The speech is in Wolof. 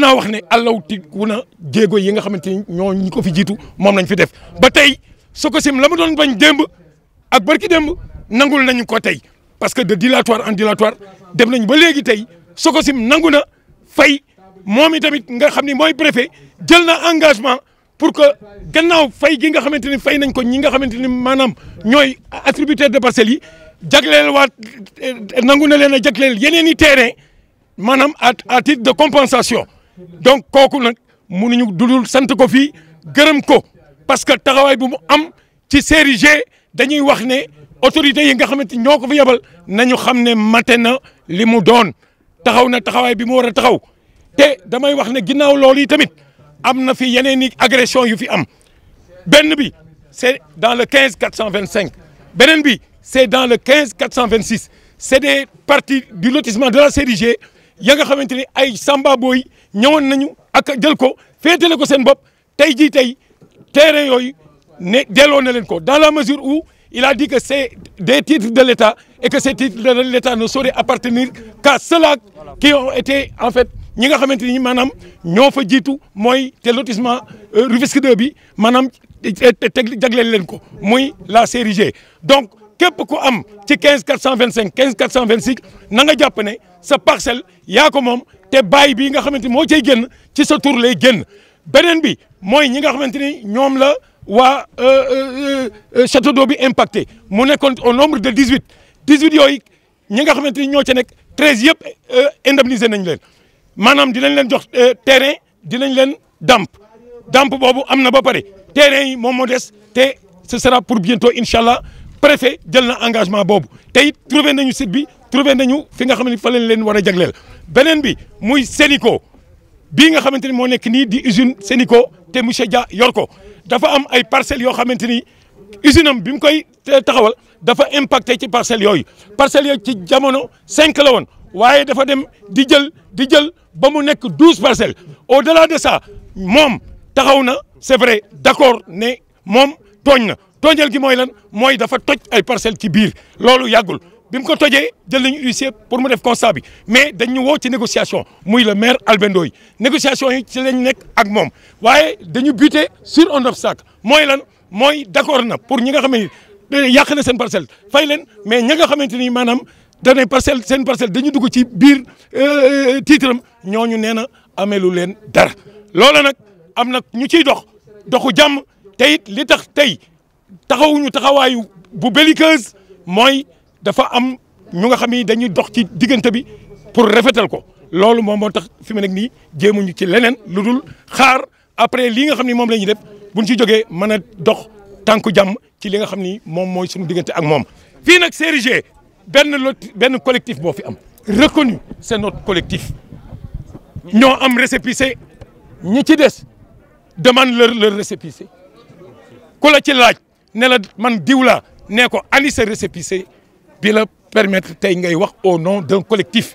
naa wax ne allawtiku na djégo yi nga xamante ñoo ñi ko fi jitu mom lañ fi def ba tay sokosim lamu doon bañ demb ak barki demb nangul nañ ko tay parce que de dilatoire en dilatoire dem nañ ba légui tay sokosim nanguna fay momi tamit nga xamni moy préfet jël na engagement pour que gannaaw fay gi nga xamante fay nañ ko ñi nga xamante manam ñoy ñooy attributaire de parcelle yi jagleel wat nanguna leena leen yeneeni terrain manam à titre de compensation donc kooku nak mënuñu dudul sant ko fi gërem ko parce que taxaway bu mu am ci série G dañuy wax né autorité yi nga xamante ñoko fi yebal nañu xamné ne mate na li doon taxaw na taxaway bi mu wara taxaw té damay wax né ginnaw loolu yi tamit amna fi yeneen agression yu fi am benn bi c'est dans le 15 425 beneen bi c'est dans le 15 426 c'est des parties du lotissement de la série G ya nga xamante ay samba boy ñëwoon nañu ak jël ko féetale ko seen bopp tey jii tey terrain yoy ne delloo na leen ko dans la mesure où il a dit que c'est des titres de l'État et que ces titres de l'État ne sauraient appartenir qu'à ceux-là qui ont été en fait ñi nga xamanteni manam maanaam ñoo fa jitu moy té lotissement euh, Rufisque 2 bi manam teg jagleel leen ko moy la série G donc képp ko am ci 15 425 15 426 na nga japp ne sa parcelle yaa ko moom te bàyyi bi nga xamanteni mo cey cay ci sa tour lay génn benen bi moy ñi nga xamanteni ñom la wa euh, euh euh château d'eau bi impacté mu nekkoon au nombre de 18 18 dix ñi nga xamanteni ni ñoo ca nekk treize yëpp euh, indemnisé nañ leen maanaam dinañ leen jox euh, terrain dinañ leen damp damp bobu amna ba paré terrain yi moom moo des te ce sera pour bientôt inshallah préfet jël na engagement bobu te it trouvé nañu site bi trouvé nañu fi nga xamanteni fa lañ leen war a jagleel beneen bi muy senico bi nga xamanteni ni moo nekk nii di usine senico te monsieur Dia yor ko dafa am ay parcelles yoo xamanteni ni usine am bi mu koy taxawal dafa impacté ci parcelles yooyu parcelles yooyu ci jamono 5 la woon waaye dafa dem di jël di jël ba mu nekk douze parcelles au delà de ça moom taxaw na c'est vrai d'accord ne moom tooñ na tooñal gi mooy lan mooy dafa toj ay parcelles ci biir loolu yàggul bim ko tojee jël nañu huissier pour mu def constat bi mais dañ ñu woo ci négociation muy le maire albendoy négociation yi ci lañ nek ak mom waye dañu buté sur un obstacle moy lan moy d'accord na pour ñi nga xamé yak na seen parcelle fay leen mais ñi nga xamanteni manam maanaam danay parcelle seen parcelle dañu dugg ci bir euh, euh, titre am ñooñu nee na amelu leen dara loola nak amna ñu ci dox doxu jàmm te it li tax tay taxawuñu taxawaayu bu belliqueuse moy dafa am ñu nga xam ni dañuy dox ci diggante bi pour rafetal ko loolu moom moo tax fi mu nekk nii jéemuñu ci leneen lu dul xaar après li nga xam ni moom la ñuy def buñ ci jógee mën a dox tànku jàmm ci li nga xam ni moom mooy suñu diggante ak moom. fii nag CRG benn lot benn collectif boo fi am reconnu c'est notre collectif ñoo am récépissé ñi ci des demande leur leur récépissé ku la ci laaj ne la man diw laa nee ko ani récépissé bi la permettre faire ngay wax au nom d'un collectif